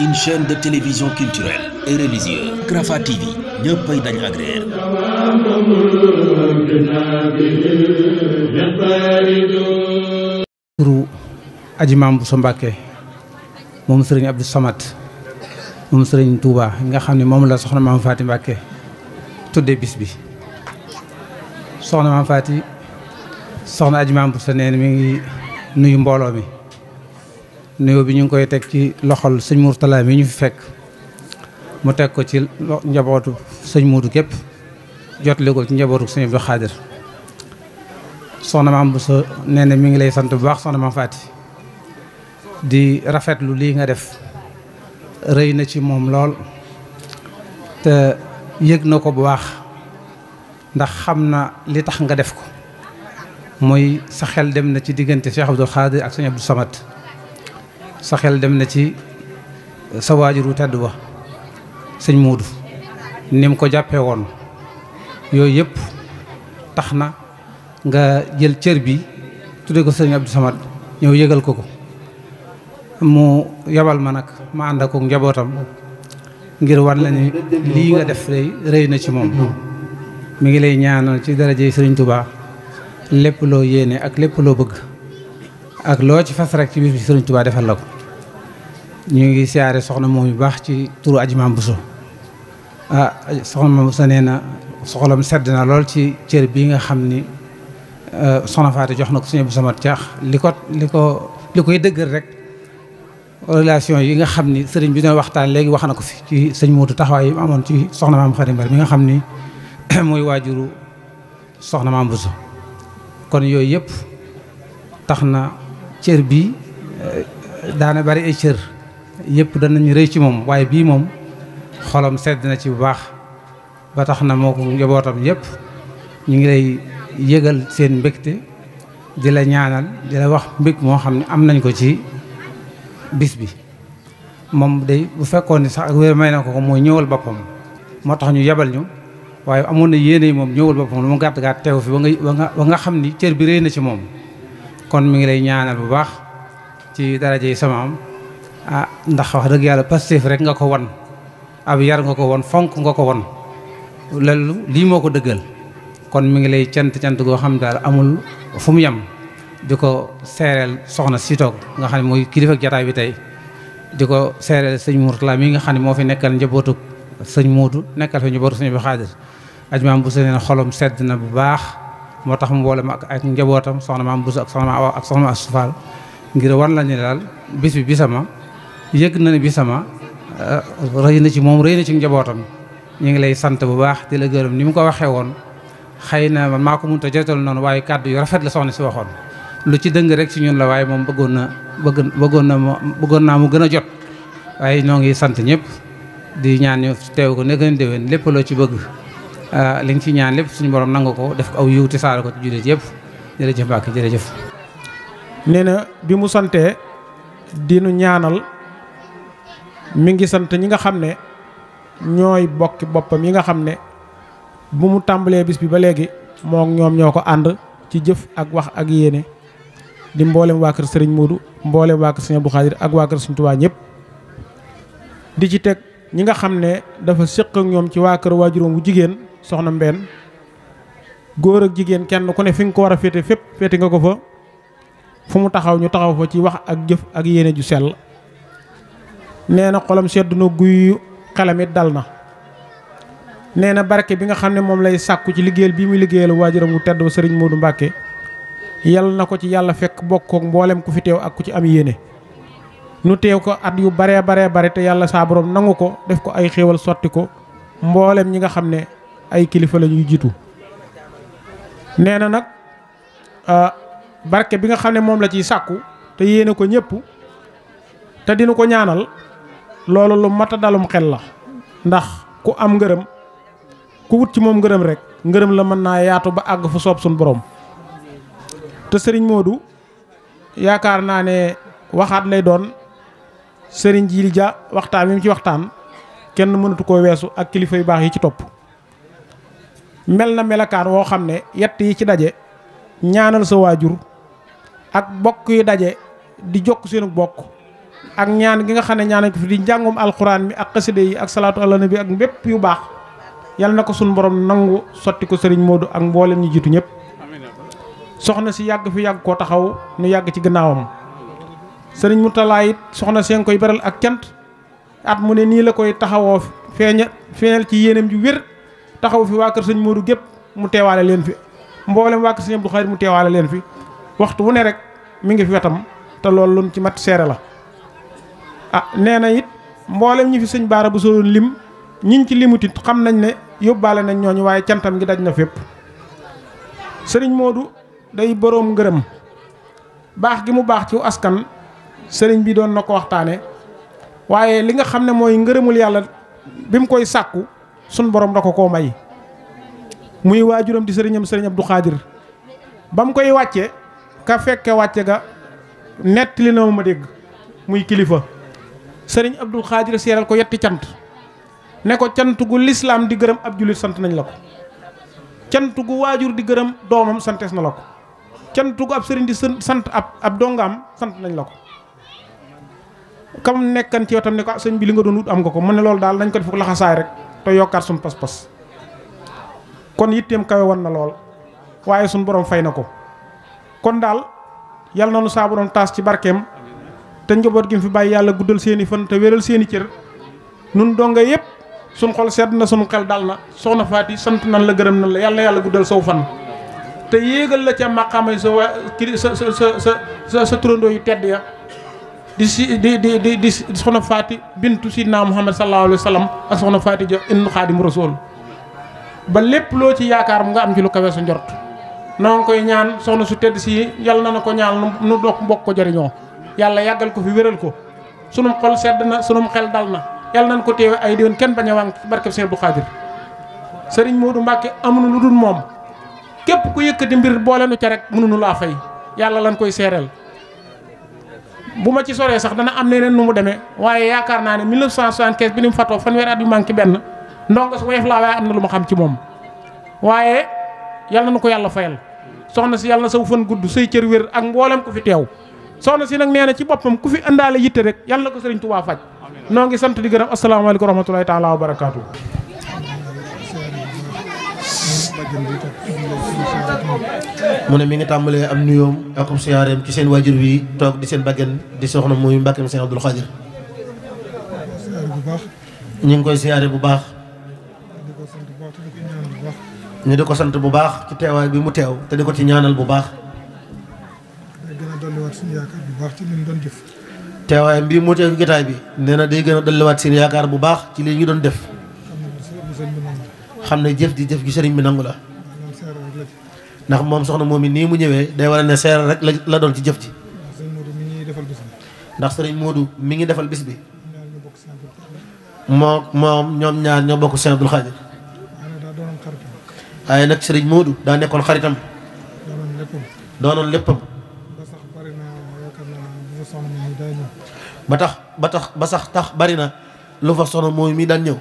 une chaîne de télévision culturelle et religieuse Rafah TV ñëppay dañ agréer turu aji maam bu sa Mbàkke moom sëriñ Abdou Samad moom sëriñ Touba nga xam ne moom la soxna maam Faati Mbàkke tuddee bis bi soxna maam Faati soxna aji maam bu sa neen mi ngi nuyu mbooloo mi nuyoo bi ñu ngi koy teg ci loxol sëñ Mourtala mi ñu fi fekk mu teg ko ci njabootu sëñ muutu képp jotali ko ci njabootu sëñ Abdou Xaadir soxna maam bu sa nee na mi ngi lay sant bu baax soxna maam Faati di rafetlu lii nga def rëy na ci moom lool te yëg na ko bu baax ndax xam na li tax nga def ko mooy sa xel dem na ci diggante Cheikh Abdou Xaadir ak sëñ Abdou Samad sa xel dem na ci sa waajuru tedd ba sëñ Moodu ni mu ko jàppee woon yooyu yëpp tax na nga jël cër bi tudde ko sëñ Abdou ñëw yëgal ko ko mu yabal ma nag ma ànd ak njabootam ngir wan la ni lii nga def rëy rëy na ci moom mi ngi lay ñaanal ci daraje sëriñ Touba lépp loo yéene ak lépp loo bëgg ak loo ci fas rek ci biir bi sëriñ tubaa defal la ko ñu ngi siyaare soxna moom yu baax ci turu aji maam Bousso ah soxna maam Bousso nee na soxlam sedd na lool ci cër bii nga xam ni eh, soxna Fatou jox na ko suñu bu samat caax li ko li ko li koy dëggal rek relation yi nga xam ni sëriñ bi doon waxtaan léegi wax na ko fi ci sëñ Moodu taxawaay yi amoon ci soxna maam Xari Mbar mi nga xam ni mooy waajuru soxna maam Bousso kon yooyu yëpp tax na cër bi eh, daana bari ay cër yëpp danañu rëy ci moom waaye bii moom xolam sedd na ci bu baax ba tax na moo ko njabootam yëpp ñu ngi lay yëgal seen mbégte di la ñaanal di la wax mbég moo xam ne am nañ ko ci bis bi moom de bu fekkoon ni sax ak wér may na ko ko mooy ñëwal boppam moo tax ñu yabal ñu waaye amoon na yéene yi moom ñëwal boppam lu mu gàtt gàtt teew fi ba nga ba nga xam ni cër bi réy na ci moom kon mu ngi lay ñaanal bu baax ci daraje yi sama am ah ndax wax dëgg yàlla pastéef rek nga ko won ab yar nga ko won fonk nga ko won loolu lii moo ko dëggal kon mi ngi lay cant cant goo xam daal amul fu mu yem di ko seereel soxna si toog nga xam ne mooy kilifa jataay bi tey di ko seereel sëñ Mourtala mi nga xam ne moo fi nekkal njabootu sëñ Moodu nekkal fi njabootu sëñ bi Xaadir aj maam bu sëñ xolom sedd na bu baax moo tax mu boole ma ak ak njabootam soxna maam bu ak soxna ma ak soxna ma Asufal ngir war la ne daal bis bi bisama yëg na ne bi sama euh, rëy na ci moom rëy na ci njabootam ñu ngi lay sant bu baax di la gërëm ni mu ko waxee woon xëy na man maa ko mënut a jotal noonu waaye kàddu yu rafet la soxna si waxoon lu ci dëng rek ci la waaye moom bëggoon na bëgg bëggoon na bëggoon naa mu gën a jot waaye ñoo ngi sant ñëpp di ñaan ñu teew ko ne gën a déwén lépp loo ci bëgg euh, li nga ci ñaan lépp suñu borom nangu ko def ko aw yiw te ko ci jullit yëpp jërëjëf Mbàkke jërëjëf nee na bi mu santee di ñaanal mi ngi sant ñi nga xam ne ñooy bokki boppam yi nga xam ne bu mu tàmbalee bis bi ba léegi moo ñoom ñoo ko ànd ci jëf ak wax ak yéene di mboolem waa kër Serigne Modou mboolem waa kër Serigne Abdou ak waa kër Serigne Touba ñëpp. di ci teg ñi nga xam ne dafa séq ak ñoom ci waa kër waajuróom bu jigéen soxna Mbène góor ak jigéen kenn ku ne fi nga ko war a féete fépp féete nga ko fa fu mu taxaw ñu taxaw fa ci wax ak jëf ak yéene ju sell. nee na xolom sedd na guy xelam it dal na nee na barke bi nga xam ne moom lay sàkku ci liggéeyal bii muy liggéeyal waajuram wu tedd ba sëriñ Modou Mbacke yal na ko ci yàlla fekk bokkook mboolem ku fi teew ak ku ci am yéene nu teew ko at yu baree baree bare te yàlla saa borom nangu ko def ko ay xéewal sotti ko mbooleem ñi nga xam ne ay kilifa la ñuy jiitu nee na nag barke bi nga xam ne moom la ciy sàkku te yéene ko ñëpp te dina ko ñaanal loolu lu mat a dalum xel la ndax ku am ngërëm ku wut ci moom ngërëm rek ngërëm la mën naa yaatu ba àgg fu soob suñ borom te sëriñ Modou yaakaar naa ne waxaat lay doon sëriñ Jili Dia waxtaan wi mu ci waxtaan kenn mënatu koo weesu ak kilifa yu baax yi ci topp mel na melakaan woo xam ne yett yi ci daje ñaanal sa waajur ak bokk yi daje di jokk seenu bokk ak ñaan gi nga xam ne ñaan nañ ko fi di njàngum alxuraan mi ak xasida yi ak salaatu ala nabi ak mbépp yu baax yal na ko suñu mborom nangu sotti ko sëriñ Modou ak mboolem yi jitu ñëpp soxna si yàgg fi yàgg koo taxaw nu yàgg ci gannaawam sëriñ Mourtala it soxna seen koy beral ak cant at mu ne nii la koy taxawoo feeña feeñal ci yéenam ju wér taxaw fi waa kër sëñ Modou gépp mu teewaale leen fi mboolem waa kër sëñ Abdou mu teewaale leen fi waxtu wu ne rek mi ngi fi wetam te loolu lu ci mat seere la a ah, nee na it mboolem ñi fi sëñ baara bu soo lim ñiñ ci limutit xam nañ ne yóbbaale nañ ñooñ waaye cantam gi dañ na fépp sëriñ Modou day boroom ngërëm baax gi mu baax ci askan sëriñ bi doon na ko waxtaane waaye li nga xam ne mooy ngërëmul yàlla bi mu koy sàkku sun borom da ko koo may muy waajuram di sëriñam sëriñ Abdou Khadir ba mu koy wàcce ka fekke wàcce ga nettali na ma dégg muy kilifa sëriñ Abdul Xaadir seeral ko yetti cant ne ko cant gu lislaam di gërëm ab jullit sant nañ la ko cant gu waajur di gërëm doomam santees na la ko cant gu ab sëriñ di sant ab ab dongaam sant nañ la ko kam nekkan ci yow tam ne ko ah, sëñ bi li nga doon wut am nga ko mu ne loolu daal dañ ko def ko laxasaay rek te yokkaat suñ pas-pas kon yitteem kawe woon na lool waaye suñ borom fay na ko kon daal yal na nu saa taas ci barkeem te njaboot gi mu fi bàyyi yàlla guddal seen i fan te wéral seen i cër nun donga yëpp sun xol sedd na suñ xel dal na soxna Faati sant nan la gërëm nan la yàlla yàlla guddal saw fan te yéegal la ca màqaamay sa waa sa sa sa sa sa turandoo yu tedd ya di si di di di di soxna Faati bintu Sidna Muhammad sallallahu alayhi wa soxna Faati jox inn xaadim rasul ba lépp loo ci yaakaar mu nga am ci lu kawe sa njort noo koy ñaan soxna su tedd si yàlla na na ko ñaan nu doog mbokk ko yàlla yàggal ko fi wéral ko sunum xol sedd na sunum xel dal na yàlla nañ ko teewe ay déwén kenn bañ a wànq ci barkeb Sëriñ Abdou Khadir Sëriñ Modou Mbacke amuñu lu dul moom képp ku yëkkati mbir boole nu ca rek mënuñu laa fay yàlla lañ koy seereel bu ma ci soree sax dana am neneen nu mu demee waaye yaakaar naa ne 1975 bi ni mu fatoo fan at yu manqué benn ndongo su woyof laa waaye am na lu ma xam ci moom waaye yàlla na ko yàlla fayal soxna si yàlla na saw fan gudd say cër wér ak mboolem ku fi teew soxna si nag nee na ci boppam ku fi indaale yitte rek yàlla ko sëriñ Tuubaa faj noo ngi sant di gërëm asalaamaaleykum wa rahmatulahi taala wa barakaatu. mu ne mi ngi tàmbalee am nuyoom ak ab siyaareem ci seen waajur wii toog di seen bàggen di soxna muy mbàkkeem seen Abdul Xaadir ñu ngi koy siyaare bu baax. ñu di ko sant bu baax ci teewaay bi mu teew te di ko ci ñaanal bu baax. dëlliwaat suñu yaakaar bu ci li ñu bii mu teew jotaay bi nee na day gën a dëlliwaat seen yaakaar bu baax ci li ngi doon def. xam ne jëf di jëf gi sëriñ bi nangu la. ndax moom soxna moom it nii mu ñëwee day war a ne seere rek la la doon ci jëf ji. ndax sëriñ Modou mi ngi defal bis bi. moo moom ñoom ñaar ñoo bokk Sëriñ Abdul Xaadir waaye nag sëriñ Modou daa nekkoon xaritam. doonoon léppam. ba tax ba tax ba sax tax bari na lu fa sono mooy mi daan ñëw.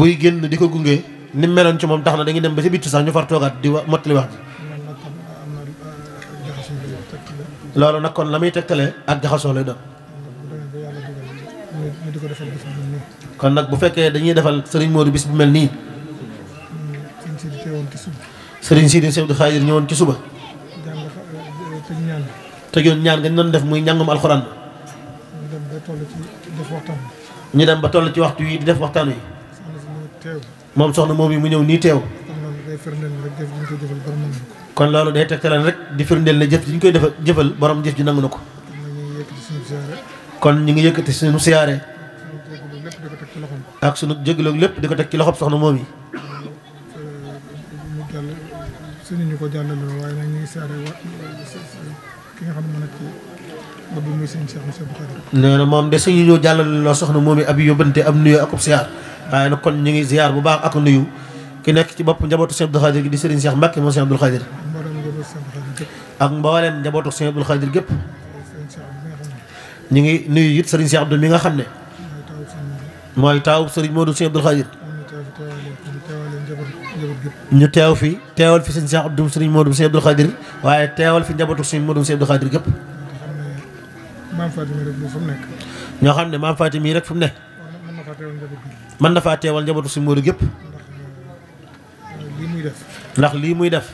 buy génn di ko gunge dañuy di ko gunge ni mu meloon ci moom tax na dañuy dem ba ci bitti sax ñu far toogaat di wa mottali wax ji. loolu nag ah, ah, kon la muy tegtale ak jaxasoo lay doon. kon nag bu fekkee dañuy defal sëriñ Modou bis bu mel nii. Serigne Sidi Seydi Xaadir ñëwoon ci suba. te ñun ñaan nga ñu doon def muy njàngum alxuraan. ñu dem ba toll ci waxtu yi di def waxtaan wi. moom soxna moom yi mu ñëw nii teew. kon loolu day tegtalan rek di firndeel ne jëf ji ñu koy defal jëfal borom jëf ji nangu na ko. kon ñu ngi yëkkati suñu siyaare. ak suñu jégalu lépp di ko teg ci loxob soxna moom yi. suñu ñu ko jàllale ki nga xam ne moom de suñu ñëw jàllale loo soxna moom it ab yóbbante am nuyoo akub siyaar waaye nag kon ñu ngi siyaar bu baax ak nuyu ki nekk ci bopp njabootu Cheikh Abdoul Khadir gi di Serigne Cheikh Mbacke moom Cheikh Abdoul Khadir. ak mbooleem njabootu Cheikh Abdoul Khadir gépp ñu ngi nuyu it Serigne Cheikh Abdoul mi nga xam ne mooy taawub Serigne Modou Cheikh Abdoul Khadir. ñu teew fi teewal fi sëñ Cheikh Abdou sëñ Modou sëñ Abdou Khadir waaye teewal fi njabootu sëñ Modou sëñ Abdou Khadir gépp xam ne maam mii rek fu mu ne. mën na faa teewal njabootu sëñ Modou gépp ndax lii muy def.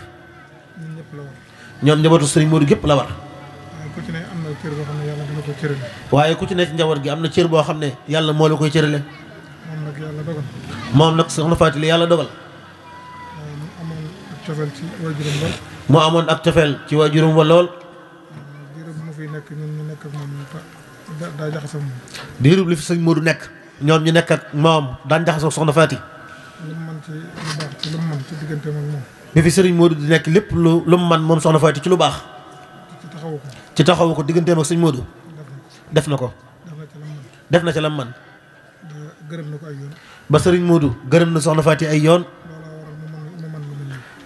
ñoom njabootu sëñ Modou gépp la war. waaye ku ci nekk njaboot gi am na cër boo xam ne yàlla moo la koy cërale. moom nag soxna Fatou li yàlla dogal. cofeel ci waajuram lool. mu amoon ak cofeel ci waa waajuram ba lool. diirub mu fi nekk ñun ñu nekk ak moom daa jaxasoo moom. diirub li fi sëñ Modou nekk ñoom ñu nekk ak moom daan jaxasoo soxna Faati. lu mu mën ci lu fi sëriñ Modou di nekk lépp lu lu mu mën moom soxna Faati ci lu baax. ci taxawu ko ci taxawu ko digganteem ak sëñ Modou. def na ko. def na ca lam man gërëm na ko ay ba sëriñ Modou gërëm na soxna Faati ay yoon.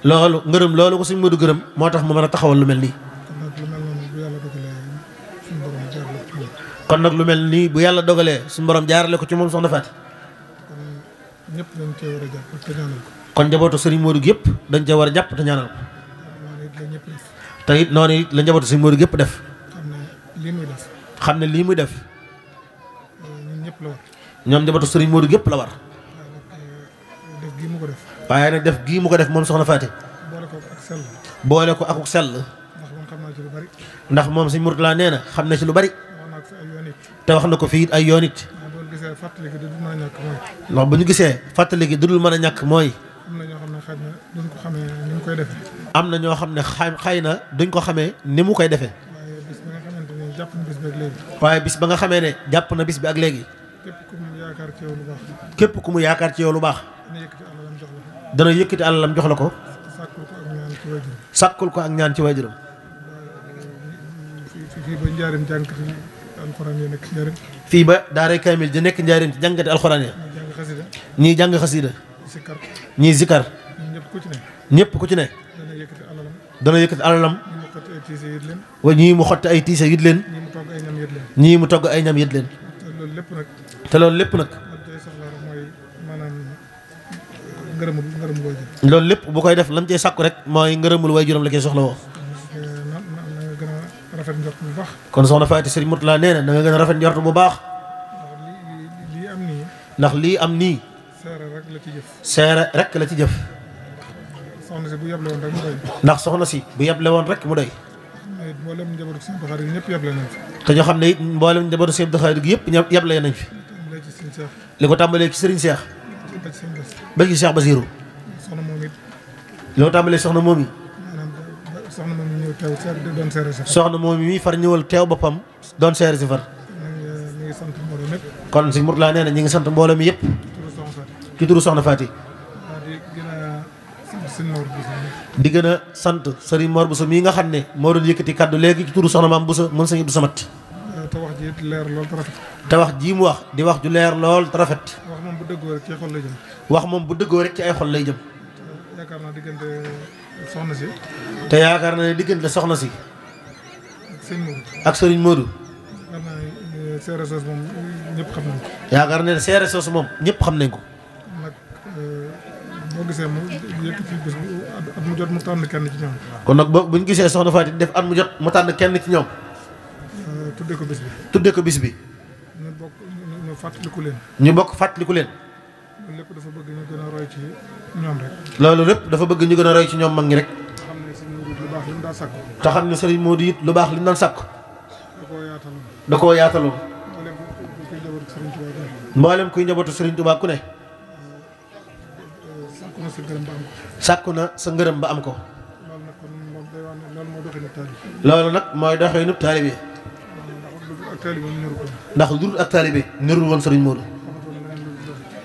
loolu ngërëm loolu ko suñ gërëm moo tax mu mën a taxawal lu mel nii. kon nag lu mel nii bu yàlla dogalee suñu mborom jaarale ko ci moom soxna Faati. kon njabootu Serigne Modou yëpp dañ cee war a jàpp te ñaanal ko. te it noonu it la njabootu Serigne def. xam ne lii muy def. xam ne ñoom njabootu Serigne Modou yëpp la war. waaye nag def gii mu ko def moom soxna Faati. boole ko ak sell. boole ko ak sell. ndax moom si sëñ laa nee na xam na ci lu bari. te wax na ko fii ay yoon it. ndax bu ñu gisee fàttali gi dudul mën a ñàkk mooy. am na ñoo xam ne xay na duñ ko xamee ni mu koy defee. waaye bis ba nga xamee ne jàpp na bis bi ak léegi. képp ku mu yaakaar ci yow képp ku mu yaakaar ci yow lu baax. dana yëkkati alalam jox la ko sàkkul ko ak ñaan ci waajuram fii ba daara kaamil di nekk njaarim ci jàngati alxuraan ya ñii jàng xasida ñii zikar ñëpp ku ci ne dana yëkkati alalam wa ñii mu xotti ay tiise yit leen ñii mu togg ay ñam yit leen te loolu lépp nag ngërëmul ngërëmul waajur loolu lépp bu koy def lam cee sàkku rek mooy ngërëmul waajuram la koy soxla woo rafet njort bu baax kon soxna Faati Sëriñ Murtala laa na na nga gën a rafet njort bu baax lii am nii ndax lii am nii seere rek la ci jëf seere rek la ci jëf soxna si bu yeble woon rek mu doy ndax soxna si bu yeble woon rek mu doy mboolem njabootu Sëriñ Abdou Khadre gi ñëpp yeble nañ te ñoo xam ne it mboolem njabootu Sëriñ Abdou yëpp yeble nañ fi li ko tàmbalee ci Sëriñ Seex ba ci Cheikh Basirou. loo tàmbalee soxna moom yi. soxna moom yi far ñëwal teew boppam doon seere si far. Euh, kon si Mourtala nee na ñu ngi sant mbooloo mi yëpp. ci turu soxna Faati. di gën a sant sëriñ Mor Bousso mii nga xam ne moo doon yëkkati kàddu léegi ci turu soxna maam Bousso mën sañu du samat te wax ji mu wax di wax ju leer lool te rafet bu dëggoo rek ci ay xol lay jëm. wax moom bu dëggoo rek ci ay xol lay jëm. yaakaar naa diggante soxna si. te yaakaar na ne diggante soxna si. ak sëñ ak sëriñ Modou. yaakaar naa ne moom ñëpp xam yaakaar naa ne CRSOS moom ñëpp xam nañ ko. nag euh, boo gisee mu yëkk fii mu jot mu tànn kenn ci ñoom. kon nag boo bu ñu gisee soxna Fatou def at mu jot mu tànn kenn ci ñoom. Euh, tuddee ko bis bi. tuddee ko bis bi. fàttaliku leen. ñu bokk fàttaliku leen. loolu lépp dafa bëgg ñu gën a roy ci ñoom rek. loolu lépp dafa bëgg ñu gën a ci ñoom mag ñi rek. te xam ne Serigne Modou it lu baax li mu daan sàkku. da koo yaataloon. mboolem kuy njabootu Serigne Touba ku ne. Eh, sàkku na sa ngërëm ba am ko. loolu nag mooy doxee nub taalibe bi. ndax lu dul ak taalibe nirul woon sëriñ Modou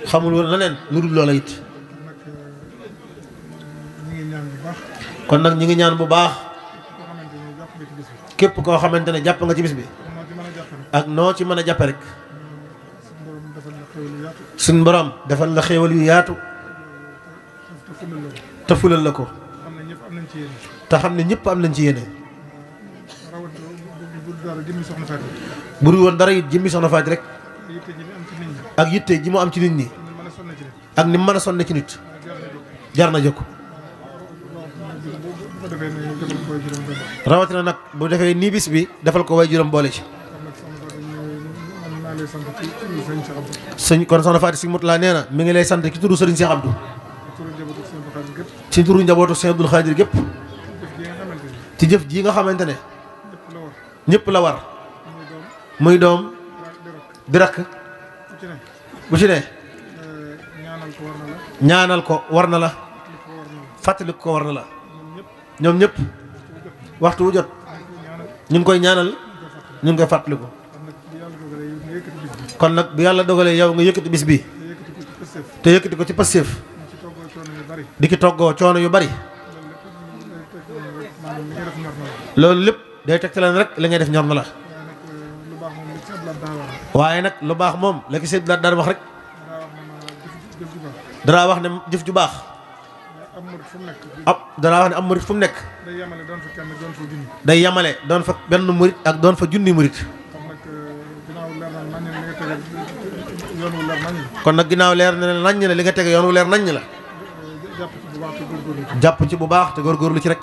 xamul woon leneen lu dul loola it kon nag ñi ngi ñaan bu baax képp koo xamante ne jàpp nga ci bis bi ak noo ci mën a jàppe rek suñ borom defal la xéewal yu yaatu te la ko te xam ne ñëpp am lañ ci yéene bu woon dara it jëmmi soxna Faty rek ak yitte ji mu am ci nit ñi ak ni mu mën a sonne ci nit jar na jëkku rawatina nag bu defee nii bis bi defal ko way juróom boole ci sëñ kon soxna Faty si mut laa nee na mi ngi lay sant ci turu sëriñ Cheikh Abdou ci turu njabootu Cheikh Abdoul Khadir gépp ci jëf ji nga xamante ne ñépp la war muy doom di rakk bu ci ne ñaanal ko war na la fàttaliku ko war na la ñoom ñëpp waxtu wu jot ñu ngi koy ñaanal ñu ngi koy fàttaliku kon nag bu yàlla dogalee yow nga yëkkati bis bi te yëkkati ko ci passeef di ki toggoo coono yu bari loolu lépp day tegtaleen rek li ngay def ñor na la waaye nag lu baax moom la ki sëñ daan wax rek danaa wax ne jëf ju baax ab ah, danaa wax ne am murit fu mu nekk day yamale doon fa benn murit ak doon fa junni murit kon nag ginnaaw leer na naññ la li nga tege yoon wu leer naññ la jàpp ci bu baax te góorgóorlu ci rek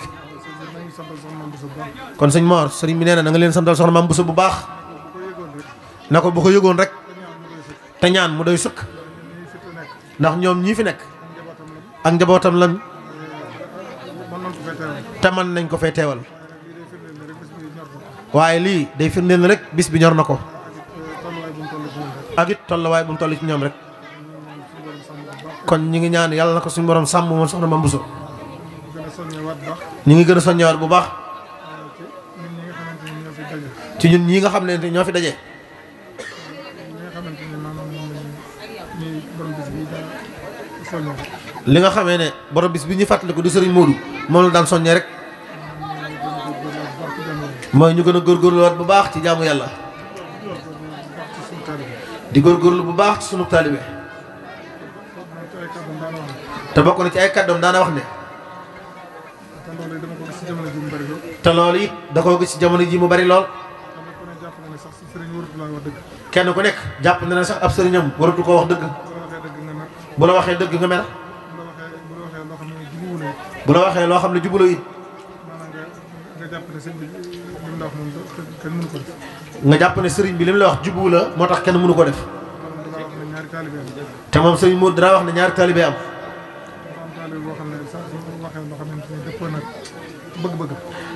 kon sëñ Mor sëriñ bi nee na na nga leen santal soxna maam Bousso bu baax na ko bu ko yëgoon rek te ñaan mu doy sëkk ndax ñoom ñii fi nekk ak njabootam lan te man nañ ko fay teewal waaye lii day firndeel na rek bis bi ñor na ko ak it tolluwaay bu mu toll ci ñoom rek kon ñu ngi ñaan yàlla na ko suñu borom sàmm moom soxna Mame Bousso ñu ngi gën a soññewaat bu baax ci ñun ñii nga xam ne ñoo fi daje. li nga xamee ne borom bis bi ñu fàttaliku di sëriñ Modou moo la daan soññee rek mooy ñu gën a góorgóorluwaat bu baax ci jàmm yàlla di góorgóorlu bu baax ci sunu taalibe te bokk na ci ay kàddoom daana wax ne te loolu it da koo gis ci jamono ji mu bari lool kenn ku nekk jàpp na ne sax ab sëriñam waratu ko wax dëgg bu la waxee dëgg nga mer bu la waxee loo xam ne jubuloo it nga jàpp ne sëriñ bi li mu la wax jubu la moo tax kenn mënu ko def te moom sëriñ Modou danaa wax ne ñaari taalibe am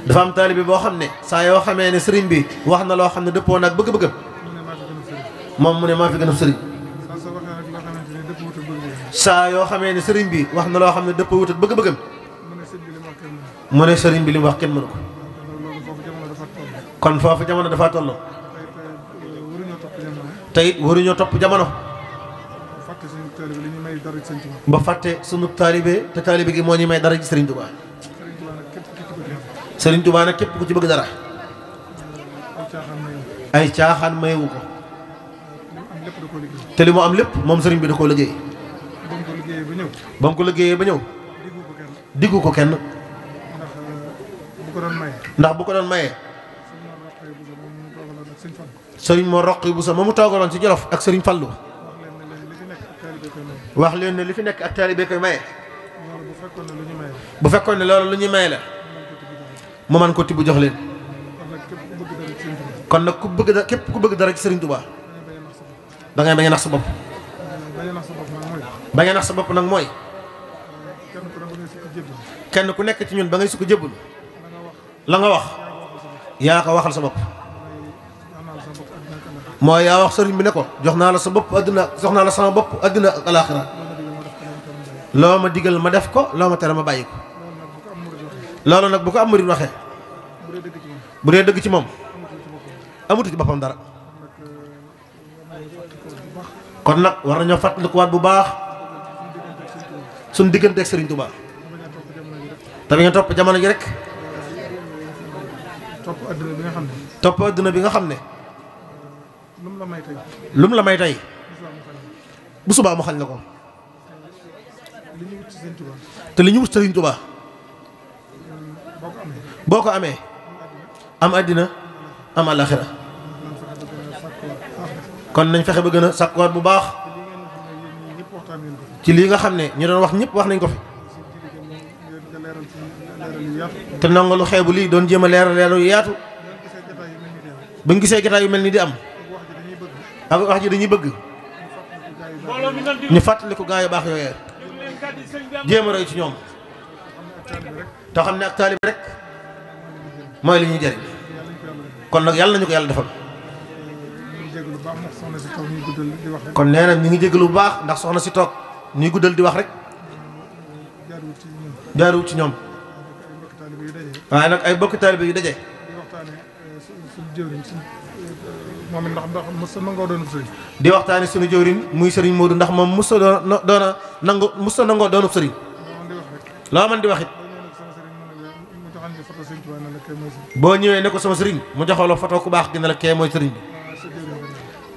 dafa am taalibe boo xam ne saa yoo xamee ne sëriñ bi wax na loo xam ne dëppoo nag bëgg-bëggam moom mu ne maa fi gën sëriñ saa yoo xamee ne sëriñ bi wax na loo xam ne dëpp wutal bëgg-bëggam mu ne sëriñ bi li mu wax kenn mënu ko kon foofu jamono dafa toll te waruñoo topp jamono ba fàtte sunu taalibe te taalibe gi moo ñuy may dara ci sëriñ Tuubaa sëriñ Tuubaa nag képp ku ci bëgg dara ay caaxaan mayewu ko te li mu am lépp moom sëriñ bi da koo liggéey ba mu ko liggéeyee ba ñëw diggu ko kenn uh, ndax bu ko doon maye sëriñ moo roq bu sa ma mu toogaloon ci Jolof ak sëriñ Fallu wax leen ne li fi nekk ak taalibe koy maye bu fekkoon ne loolu lu ñuy maye la mu man ko tibb jox leen kon nag ku bëgg da képp ku bëgg dara ci sëriñ Tuubaa da ngay bañ a nax sa bopp ba nga nax sa bopp nag mooy kenn ku nekk ci ñun ba ngay ko jëbbul la nga wax yaa ko waxal sa bopp mooy yaa wax sëriñ bi ne ko jox naa la sa bopp adduna jox naa la sama bopp adduna ak alaaxira loo ma digal ma def ko loo ma tere ma bàyyi ko loolu nag bu ko am murid waxee bu dee dëgg ci moom amatu ci boppam dara kon nag war nañoo fàttaliku waat bu baax suñu digganteeg Serigne Touba te bi nga topp jamono ji rek. topp adduna bi nga xam ne. topp adduna bi nga xam ne. lum la may tey. may tey. bu subaa mu xañ la ko. te li ñu wut Serigne Touba. boo ko amee. am àddina am alaxira kon nañ fexe ba gën a sàkkuwaat bu baax. ci lii nga xam ne ñu doon wax ñëpp wax nañ ko fi te nangu lu xeebu lii doon jéem a leeral leeral yu yaatu bañ gisee jotaay yu mel ni di am ak wax ji dañuy bëgg ñu fàttaliku gaa yu baax yooyee jéem a roy ci ñoom te xam ne ak taalib rek mooy li ñuy jëriñ kon nag yàlla nañu ko yàlla defal. kon nee na ñu ngi jégalu lu baax ndax soxna si toog. ñuy guddal di wax rek jaaruwut ci ñoom waaye nag ay bokki taalibe yu daje moom it ndax ndax Moussa nangoo doonub sëriñ. di waxtaanee sunu jëwriñ muy sëriñ Modou ndax moom Moussa doon doona nangu Moussa nangoo doonub sëriñ. loo mën di wax it. boo ñëwee ne ko sama sëriñ mu joxoon la photo ku baax gi ne la kee mooy sëriñ bi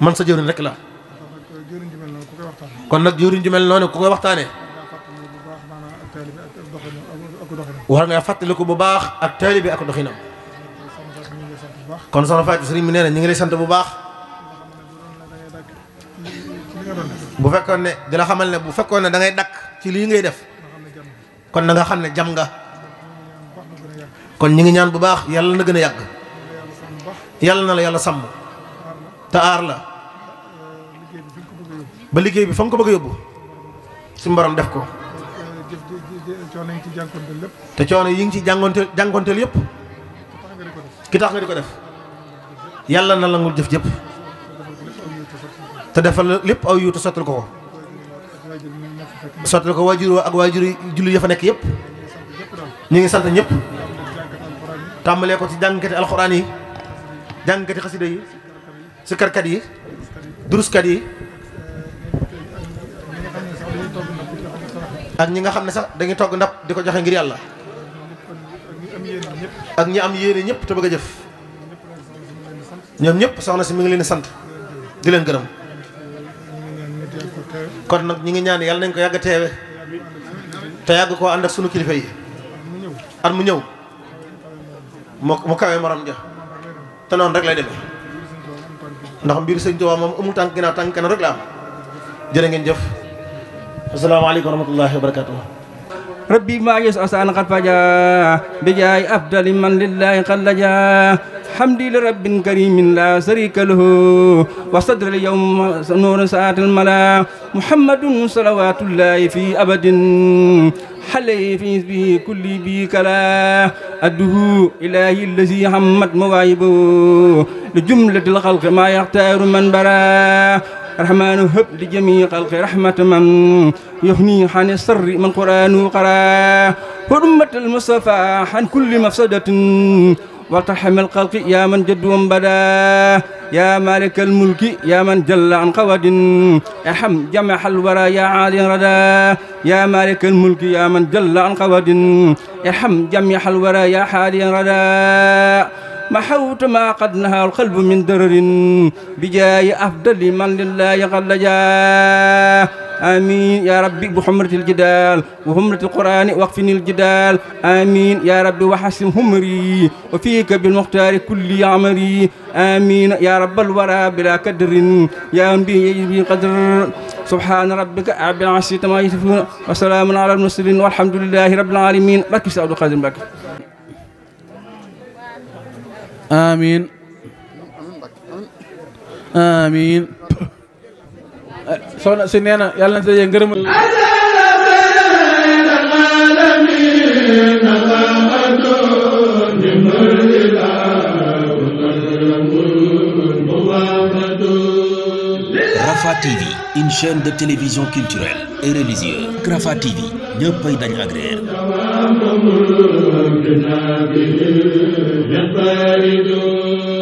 man sa jëwriñ rek la kon nag jëwriñ ju mel noonu ku koy waxtaanee. war nga fàttaliku bu baax ak taalibe bi ak doxinam. kon soxna Fatou sëriñ bi nee na ñu ngi lay sant bu baax. bu fekkoon ne di xamal ne bu fekkoon ne dangay ngay dakk ci lii ngay def. kon na xam ne jam nga. kon ñu ngi ñaan bu baax yàlla na gën a yàgg. yàlla na la yàlla sàmm. te la. ba liggéey bi fa nga ko bëgg a yóbbu suñu borom def ko. te coono yi ngi ci jàngonteel jàngonteel yëpp. ki tax nga di ko def. yàlla na langul jëf jëpp. te defal lépp aw yuutu sottal ko ko. sottal ko waajur wa ak waajur yi ya fa nekk yëpp. ñu ngi sant ñëpp. tàmbalee ko ci jàngkati alxuraan yi. jàngkati xasida yi. sikarkat yi. duruskat yi. ak ñi nga xam ne sax dangay togg ndab di ko joxe ngir yàlla ak ñi am yéene ñëpp te bëgg a jëf ñoom ñëpp soxna si mu ngi leen di sant di leen gërëm kon nag ñi ngi ñaan yàlla nañ ko yàgg te yàgg koo ànd ak sunu kilifa yi at mu ñëw mu mu kawee morom ja te noonu rek lay demee ndax mbiru sëñ Tuubaa amul tànk ginnaaw tànk kanam rek la am jërë ngeen jëf asalaamaaleykum wa rahmatullahi wa barakatuh rabbi maa yeesu asaan xat fajaa bi jaay afdali man lillahi xat lajaa hamdi li rabbin karimin la sharika lahu wa sadril yawma nuuru saatil mala muhammadun salawatullahi fi abadin حلي في حزبه كل بي كلا أده إلهي الذي همت مواهبه لجملة الخلق ما يختار من براه رحمن هب لجميع خلق رحمة من يغني عن السر من قرآن قرا حرمة المصطفى عن كل مفسدة وارتحم الخلق يا من جد بدا يا مالك الملك يا من جل عن قود ارحم جمع الورى يا عالي ردا يا مالك الملك يا من جل عن قود ارحم جمع الورى يا حالي ردا محوت ما قد نهى القلب من درر بجاي أفضل من لله غلجا آمين يا ربي بحمرة الجدال وحمرة القرآن واقفني الجدال آمين يا ربي وحسن همري وفيك بالمختار كل عمري آمين يا رب الورى بلا كدر يا أنبي قدر سبحان ربك أعب العسي تما يتفون وسلام على المرسلين والحمد لله رب العالمين بك سعود القادم بك آمين آمين soxna si nee na yàlla na dajee ngërëm Rafah TV une chaîne de télévision culturelle et religieuse Rafah TV ñëppay dañ agréer كنا به ننفرد